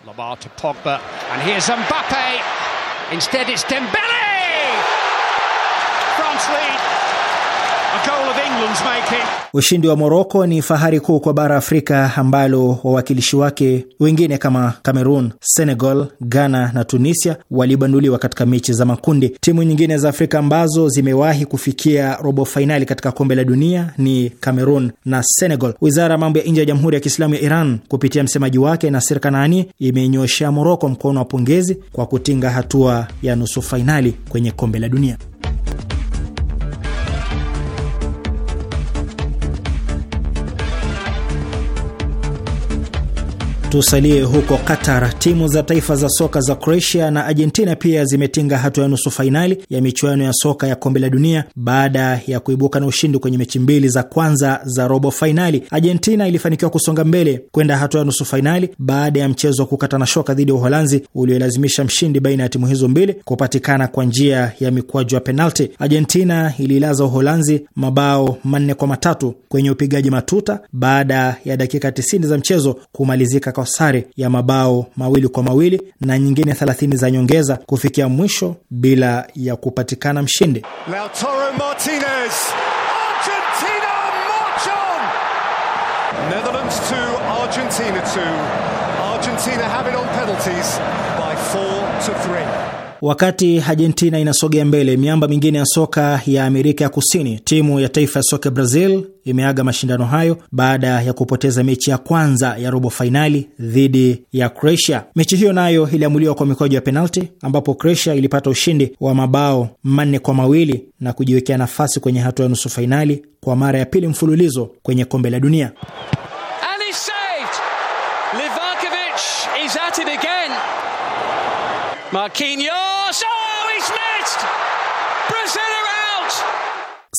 Ushindi wa Moroko ni fahari kuu kwa bara Afrika ambalo wawakilishi wake wengine kama Cameroon, Senegal, Ghana na Tunisia walibanduliwa katika mechi za makundi. Timu nyingine za Afrika ambazo zimewahi kufikia robo fainali katika kombe la dunia ni Cameroon na Senegal. Wizara ya mambo ya nje ya Jamhuri ya Kiislamu ya Iran kupitia msemaji wake Nasir Kanani imenyoshea Moroko mkono wa pongezi kwa kutinga hatua ya nusu fainali kwenye kombe la dunia. Tusalie huko Qatar, timu za taifa za soka za Croatia na Argentina pia zimetinga hatua ya nusu fainali ya michuano ya soka ya kombe la dunia baada ya kuibuka na ushindi kwenye mechi mbili za kwanza za robo fainali. Argentina ilifanikiwa kusonga mbele kwenda hatua ya nusu fainali baada ya mchezo wa kukata na shoka dhidi ya Uholanzi uliolazimisha mshindi baina ya timu hizo mbili kupatikana kwa njia ya mikwaju ya penalti. Argentina ililaza Uholanzi mabao manne kwa matatu kwenye upigaji matuta baada ya dakika 90 za mchezo kumalizika kwa sare ya mabao mawili kwa mawili na nyingine 30 za nyongeza kufikia mwisho bila ya kupatikana mshindi. Lautaro Martinez, Argentina march on! Netherlands 2, Argentina 2. Argentina have it on penalties by 4 to 3. Wakati Argentina inasogea mbele, miamba mingine ya soka ya Amerika ya Kusini, timu ya taifa ya soka Brazil imeaga mashindano hayo baada ya kupoteza mechi ya kwanza ya robo fainali dhidi ya Croatia. Mechi hiyo nayo iliamuliwa kwa mikwaju ya penalti, ambapo Croatia ilipata ushindi wa mabao manne kwa mawili na kujiwekea nafasi kwenye hatua ya nusu fainali kwa mara ya pili mfululizo kwenye kombe la dunia. Marquinhos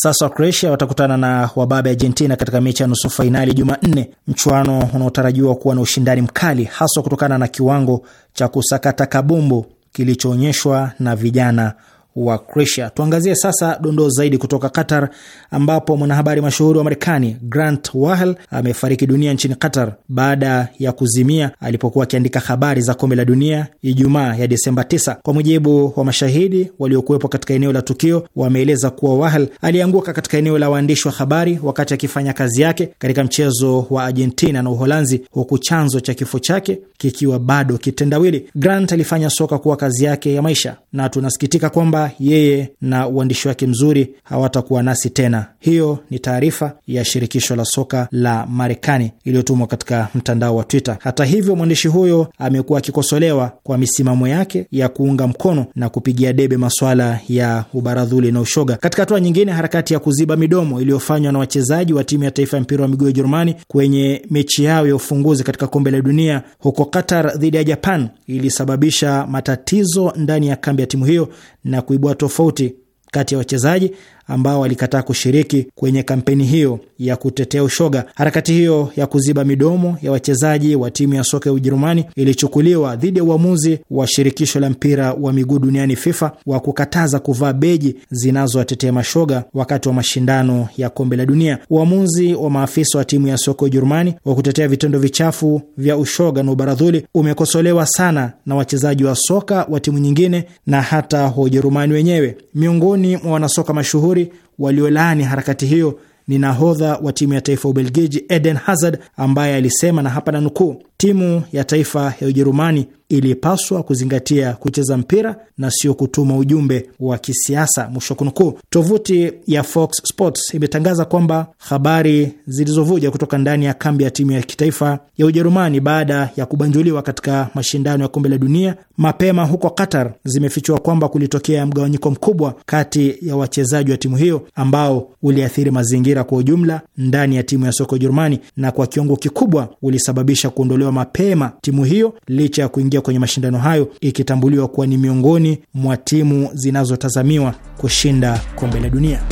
Sasa Croatia watakutana na wababe Argentina katika mechi ya nusu fainali Jumanne, mchuano unaotarajiwa kuwa na ushindani mkali haswa kutokana na kiwango cha kusakata kabumbu kilichoonyeshwa na vijana wa Croatia. Tuangazie sasa dondoo zaidi kutoka Qatar, ambapo mwanahabari mashuhuri wa Marekani Grant Wahl amefariki dunia nchini Qatar baada ya kuzimia alipokuwa akiandika habari za kombe la dunia Ijumaa ya Desemba 9. Kwa mujibu wa mashahidi waliokuwepo katika eneo la tukio, wameeleza kuwa Wahl alianguka katika eneo la waandishi wa habari wakati akifanya kazi yake katika mchezo wa Argentina na Uholanzi, huku chanzo cha kifo chake kikiwa bado kitendawili. Grant alifanya soka kuwa kazi yake ya maisha, na tunasikitika kwamba yeye na uandishi wake mzuri hawatakuwa nasi tena. Hiyo ni taarifa ya shirikisho la soka la Marekani iliyotumwa katika mtandao wa Twitter. Hata hivyo, mwandishi huyo amekuwa akikosolewa kwa misimamo yake ya kuunga mkono na kupigia debe masuala ya ubaradhuli na ushoga. Katika hatua nyingine, harakati ya kuziba midomo iliyofanywa na wachezaji wa timu ya taifa ya mpira wa miguu ya Ujerumani kwenye mechi yao ya ufunguzi katika kombe la dunia huko Qatar dhidi ya Japan ilisababisha matatizo ndani ya kambi ya timu hiyo na ku kuibua tofauti kati ya wachezaji ambao walikataa kushiriki kwenye kampeni hiyo ya kutetea ushoga. Harakati hiyo ya kuziba midomo ya wachezaji wa timu ya soka ya Ujerumani ilichukuliwa dhidi ya uamuzi wa shirikisho la mpira wa miguu duniani FIFA wa kukataza kuvaa beji zinazowatetea mashoga wakati wa mashindano ya kombe la dunia. Uamuzi wa maafisa wa timu ya soka ya Ujerumani wa kutetea vitendo vichafu vya ushoga na ubaradhuli umekosolewa sana na wachezaji wa soka wa timu nyingine na hata wa Ujerumani wenyewe. Miongoni mwa wanasoka mashuhuri mashuhuri waliolaani harakati hiyo ni nahodha wa timu ya taifa ya Ubelgiji Eden Hazard ambaye alisema, na hapa na nukuu, timu ya taifa ya Ujerumani ilipaswa kuzingatia kucheza mpira na sio kutuma ujumbe wa kisiasa, mwisho kunukuu. Tovuti ya Fox Sports imetangaza kwamba habari zilizovuja kutoka ndani ya kambi ya timu ya kitaifa ya Ujerumani baada ya kubanjuliwa katika mashindano ya kombe la dunia mapema huko Qatar zimefichua kwamba kulitokea mgawanyiko mkubwa kati ya wachezaji wa timu hiyo ambao uliathiri mazingira kwa ujumla ndani ya timu ya soka Ujerumani na kwa kiwango kikubwa ulisababisha kuondolewa mapema timu hiyo licha ya kuingia kwenye mashindano hayo ikitambuliwa kuwa ni miongoni mwa timu zinazotazamiwa kushinda kombe la dunia.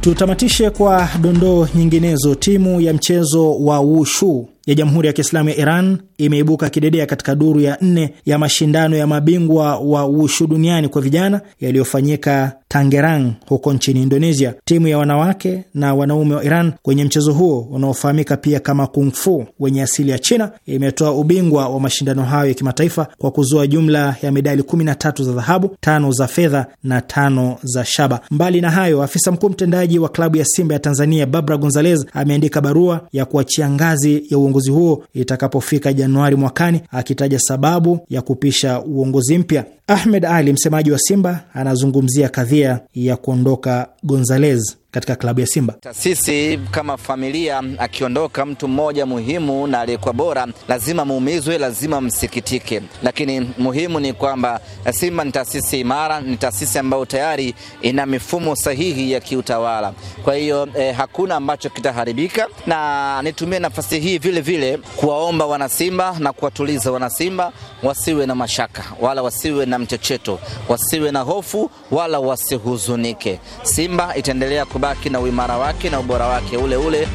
Tutamatishe kwa dondoo nyinginezo. Timu ya mchezo wa wushu ya Jamhuri ya Kiislamu ya Iran imeibuka kidedea katika duru ya nne ya mashindano ya mabingwa wa wushu duniani kwa vijana yaliyofanyika Tangerang huko nchini Indonesia. Timu ya wanawake na wanaume wa Iran kwenye mchezo huo unaofahamika pia kama kungfu wenye asili ya China imetoa ubingwa wa mashindano hayo ya kimataifa kwa kuzoa jumla ya medali 13 za dhahabu, tano za fedha na tano za shaba. Mbali na hayo, afisa mkuu mtendaji wa klabu ya Simba ya Tanzania Babra Gonzalez ameandika barua ya kuachia ngazi ya uchunguzi huo itakapofika Januari mwakani, akitaja sababu ya kupisha uongozi mpya. Ahmed Ali, msemaji wa Simba, anazungumzia kadhia ya kuondoka Gonzalez katika klabu ya Simba. Sisi kama familia, akiondoka mtu mmoja muhimu na aliyekuwa bora, lazima muumizwe, lazima msikitike, lakini muhimu ni kwamba eh, Simba ni taasisi imara, ni taasisi ambayo tayari ina mifumo sahihi ya kiutawala. Kwa hiyo eh, hakuna ambacho kitaharibika, na nitumie nafasi hii vile vile kuwaomba wanasimba na kuwatuliza wanasimba, wasiwe na mashaka wala wasiwe na mchecheto, wasiwe na hofu wala wasihuzunike. Simba itaendelea amebaki na uimara wake na ubora wake ule ule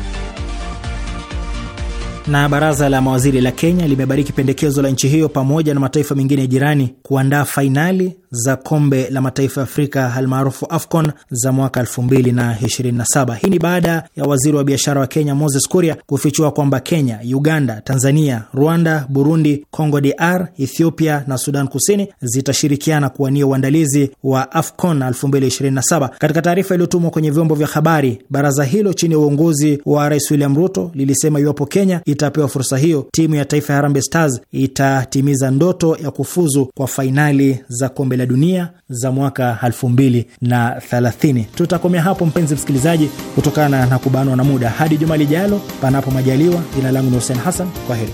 na baraza la mawaziri la Kenya limebariki pendekezo la nchi hiyo pamoja na mataifa mengine jirani kuandaa fainali za kombe la mataifa ya Afrika almaarufu AFCON za mwaka 2027. Hii ni baada ya waziri wa biashara wa Kenya Moses Kuria kufichua kwamba Kenya, Uganda, Tanzania, Rwanda, Burundi, Congo DR, Ethiopia na Sudan Kusini zitashirikiana kuwania uandalizi wa AFCON 2027. Katika taarifa iliyotumwa kwenye vyombo vya habari, baraza hilo chini ya uongozi wa Rais William Ruto lilisema iwapo Kenya itapewa fursa hiyo, timu ya taifa ya Harambee Stars itatimiza ndoto ya kufuzu kwa fainali za kombe la dunia za mwaka 2030. Tutakomea hapo mpenzi msikilizaji, kutokana na kubanwa na muda. Hadi juma lijalo, panapo majaliwa. Jina langu ni Hussein Hassan, kwa heri.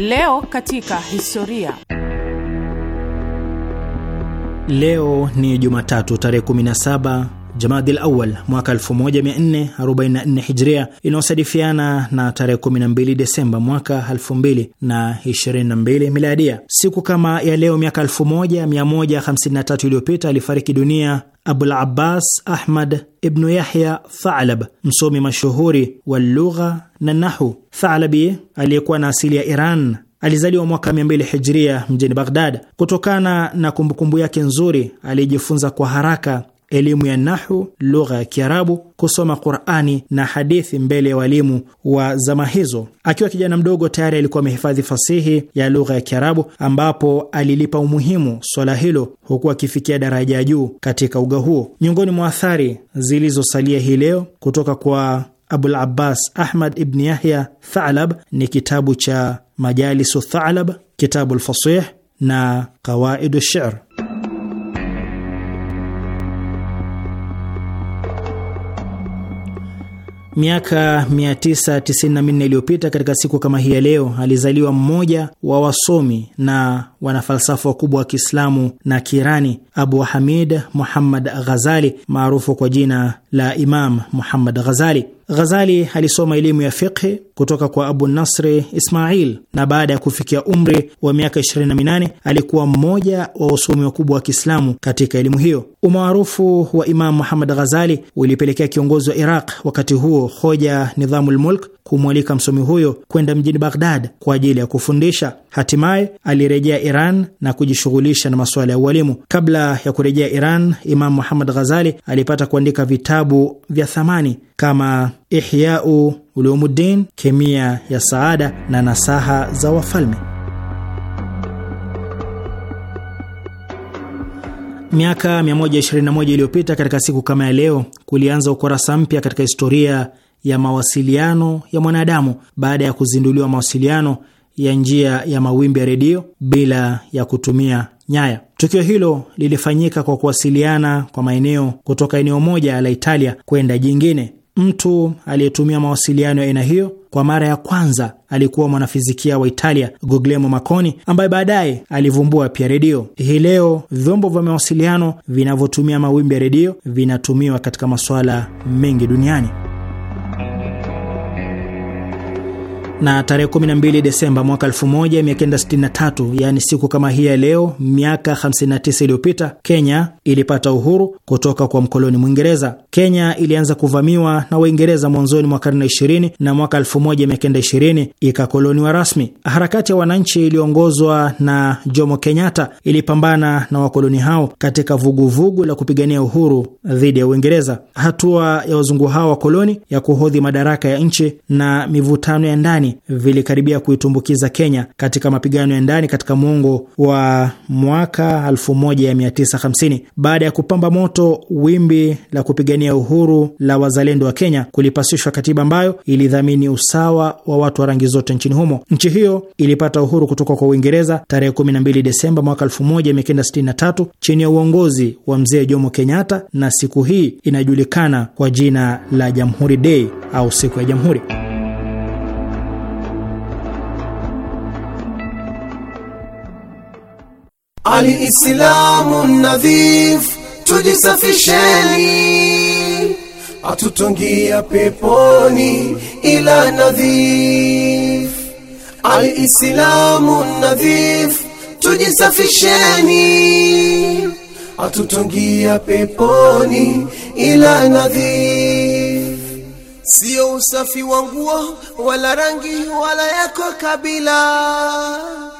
Leo katika historia. Leo ni Jumatatu tarehe 17 Jamadil Awal mwaka 1444 Hijria, inayosadifiana na tarehe 12 Desemba mwaka 2022 Miladia. Siku kama ya leo miaka 1153 iliyopita alifariki dunia Abul Abbas Ahmad ibnu Yahya Thalab, msomi mashuhuri wa lugha na nahu. Thalabi aliyekuwa na asili ya Iran alizaliwa mwaka 200 Hijria mjini Baghdad. Kutokana na kumbukumbu yake nzuri, alijifunza kwa haraka elimu ya nahu, lugha ya Kiarabu, kusoma Qurani na hadithi mbele ya walimu wa zama hizo. Akiwa kijana mdogo, tayari alikuwa amehifadhi fasihi ya lugha ya Kiarabu, ambapo alilipa umuhimu swala hilo, huku akifikia daraja ya juu katika uga huo. Miongoni mwa athari zilizosalia hii leo kutoka kwa Abul Abbas Ahmad ibn Yahya Thalab ni kitabu cha Majalisu Thalab, Kitabu lfasih na Qawaidu Shir. Miaka 994 iliyopita katika siku kama hii ya leo alizaliwa mmoja wa wasomi na wanafalsafa wakubwa wa Kiislamu na Kirani, Abu Hamid Muhammad Ghazali, maarufu kwa jina la Imam Muhammad Ghazali. Ghazali alisoma elimu ya fiqhi kutoka kwa Abu Nasri Ismail na baada ya kufikia umri wa miaka 28 alikuwa mmoja wa wasomi wakubwa wa Kiislamu katika elimu hiyo. Umaarufu wa Imam Muhammad Ghazali ulipelekea kiongozi wa Iraq wakati huo hoja Nidhamul Mulk kumwalika msomi huyo kwenda mjini Baghdad kwa ajili ya kufundisha. Hatimaye alirejea Iran na kujishughulisha na masuala ya ualimu. Kabla ya kurejea Iran, Imam Muhammad Ghazali alipata kuandika vitabu vya thamani kama Ihyau Ulumuddin, Kemia ya Saada na Nasaha za Wafalme. Miaka 121 iliyopita katika siku kama ya leo, kulianza ukurasa mpya katika historia ya mawasiliano ya mwanadamu baada ya kuzinduliwa mawasiliano ya njia ya mawimbi ya redio bila ya kutumia nyaya. Tukio hilo lilifanyika kwa kuwasiliana kwa maeneo kutoka eneo moja la Italia kwenda jingine. Mtu aliyetumia mawasiliano ya aina hiyo kwa mara ya kwanza alikuwa mwanafizikia wa Italia Guglielmo Marconi, ambaye baadaye alivumbua pia redio. Hii leo vyombo vya mawasiliano vinavyotumia mawimbi ya redio vinatumiwa katika masuala mengi duniani. na tarehe 12 Desemba mwaka 1963, yaani siku kama hii ya leo miaka 59 iliyopita, Kenya ilipata uhuru kutoka kwa mkoloni Mwingereza. Kenya ilianza kuvamiwa na Waingereza mwanzoni mwa karne 20 na mwaka 1920 ikakoloniwa rasmi. Harakati ya wananchi iliyoongozwa na Jomo Kenyatta ilipambana na wakoloni hao katika vuguvugu vugu la kupigania uhuru dhidi ya Uingereza. Hatua ya wazungu hao wakoloni ya kuhodhi madaraka ya nchi na mivutano ya ndani vilikaribia kuitumbukiza Kenya katika mapigano ya ndani katika mwongo wa mwaka 1950. Baada ya kupamba moto wimbi la kupigania uhuru la wazalendo wa Kenya, kulipasishwa katiba ambayo ilidhamini usawa wa watu wa rangi zote nchini humo. Nchi hiyo ilipata uhuru kutoka kwa Uingereza tarehe 12 Desemba mwaka 1963 chini ya uongozi wa mzee Jomo Kenyatta, na siku hii inajulikana kwa jina la Jamhuri Day au siku ya Jamhuri. Aliislamu nadhif, tujisafisheni, atutungia peponi ila nadhif. Aliislamu nadhif, tujisafisheni, atutungia peponi ila nadhif. Sio usafi wa nguo wala rangi wala yako kabila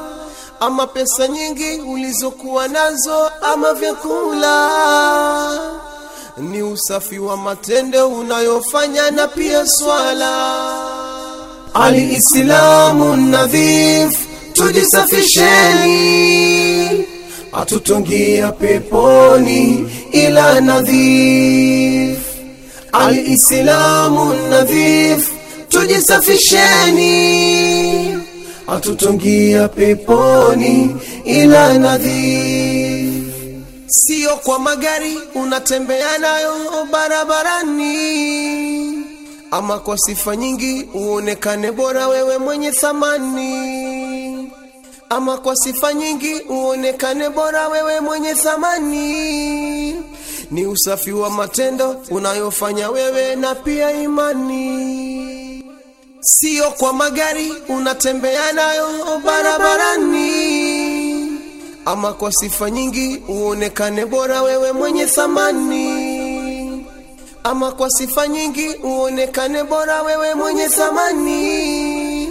ama pesa nyingi ulizokuwa nazo ama vyakula ni usafi wa matendo unayofanya na pia swala aliislamu nadhif tujisafisheni atutungia peponi ila nadhif aliislamu nadhif tujisafisheni atutungia peponi, ila nadhif. Sio kwa magari unatembea nayo barabarani, ama kwa sifa nyingi uonekane bora wewe mwenye thamani, ama kwa sifa nyingi uonekane bora wewe mwenye thamani ni usafi wa matendo unayofanya wewe na pia imani sio kwa magari unatembea nayo barabarani, ama kwa sifa nyingi uonekane bora wewe mwenye thamani, ama kwa sifa nyingi uonekane bora wewe mwenye thamani.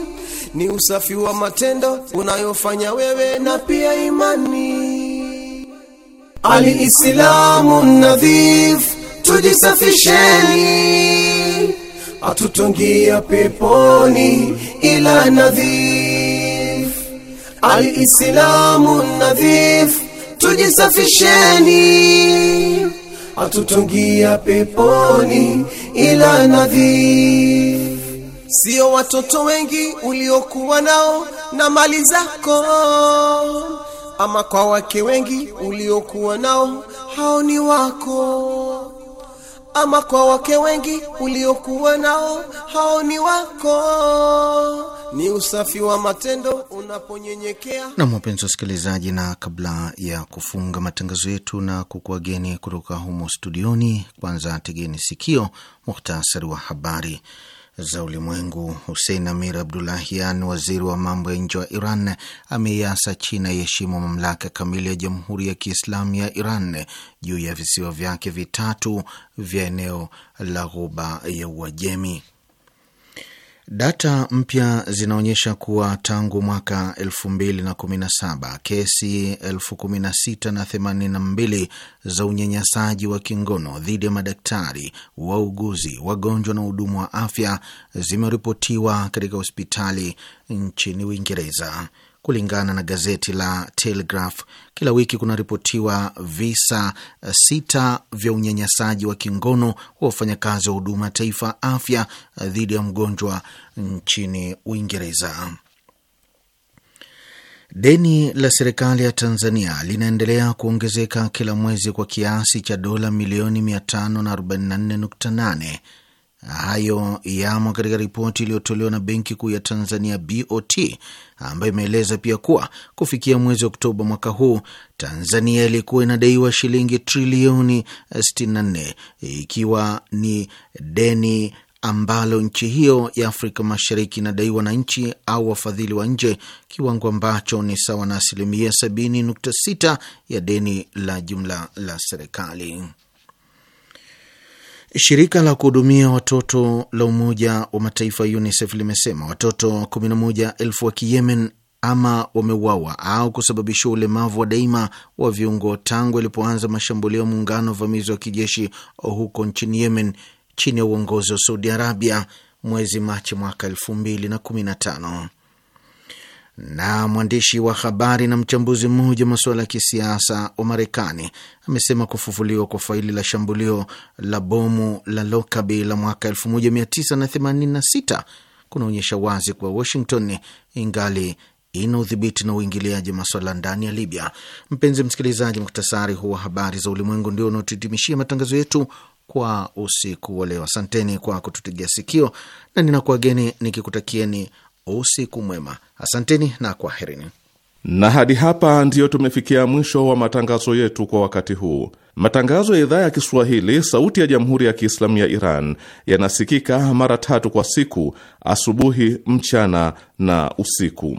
Ni usafi wa matendo unayofanya wewe na pia imani. Aliislamu nadhif, tujisafisheni atutungia peponi ila nadhif alislamu nadhif tujisafisheni atutungia peponi ila nadhif sio watoto wengi uliokuwa nao na mali zako ama kwa wake wengi uliokuwa nao hao ni wako ama kwa wake wengi uliokuwa nao hao ni wako ni usafi wa matendo unaponyenyekea. Na wapenzi wasikilizaji, na kabla ya kufunga matangazo yetu na kukuageni kutoka humo studioni, kwanza tegeni sikio muhtasari wa habari za ulimwengu. Husein Amir Abdulahian, waziri wa mambo ya nje wa Iran, ameiasa China iheshimu mamlaka kamili ya Jamhuri ya Kiislamu ya Iran juu ya visiwa vyake vitatu vya eneo la Ghuba ya Uajemi. Data mpya zinaonyesha kuwa tangu mwaka 2017 kesi 1682 za unyanyasaji wa kingono dhidi ya madaktari, wauguzi, wagonjwa na hudumu wa afya zimeripotiwa katika hospitali nchini Uingereza. Kulingana na gazeti la Telegraph, kila wiki kunaripotiwa visa eh, sita vya unyanyasaji wa kingono wa wafanyakazi wa huduma ya taifa afya eh, dhidi ya mgonjwa nchini Uingereza. Deni la serikali ya Tanzania linaendelea kuongezeka kila mwezi kwa kiasi cha dola milioni 544.8 Hayo yamo katika ripoti iliyotolewa na Benki Kuu ya Tanzania, BOT, ambayo imeeleza pia kuwa kufikia mwezi Oktoba mwaka huu Tanzania ilikuwa inadaiwa shilingi trilioni 64 ikiwa ni deni ambalo nchi hiyo ya Afrika Mashariki inadaiwa na nchi au wafadhili wa nje, kiwango ambacho ni sawa na asilimia 70.6 ya deni la jumla la serikali. Shirika la kuhudumia watoto la Umoja wa Mataifa UNICEF limesema watoto 11,000 wa Kiyemen ama wameuawa au kusababisha ulemavu wa daima wa viungo tangu alipoanza mashambulio ya muungano wa uvamizi wa kijeshi huko nchini Yemen chini ya uongozi wa Saudi Arabia mwezi Machi mwaka 2015 na mwandishi wa habari na mchambuzi mmoja wa masuala ya kisiasa wa Marekani amesema kufufuliwa kwa faili la shambulio la bomu la Lokabi la mwaka 1986 kunaonyesha wazi kuwa Washington ingali ina udhibiti na uingiliaji maswala ndani ya Libya. Mpenzi msikilizaji, muktasari huu wa habari za ulimwengu ndio unaotuhitimishia matangazo yetu kwa usiku wa leo. Asanteni kwa kututegea sikio na ninakuageni nikikutakieni usiku mwema. Asanteni na kwaherini. Na hadi hapa ndiyo tumefikia mwisho wa matangazo yetu kwa wakati huu. Matangazo ya idhaa ya Kiswahili, sauti ya jamhuri ya kiislamu ya Iran yanasikika mara tatu kwa siku: asubuhi, mchana na usiku.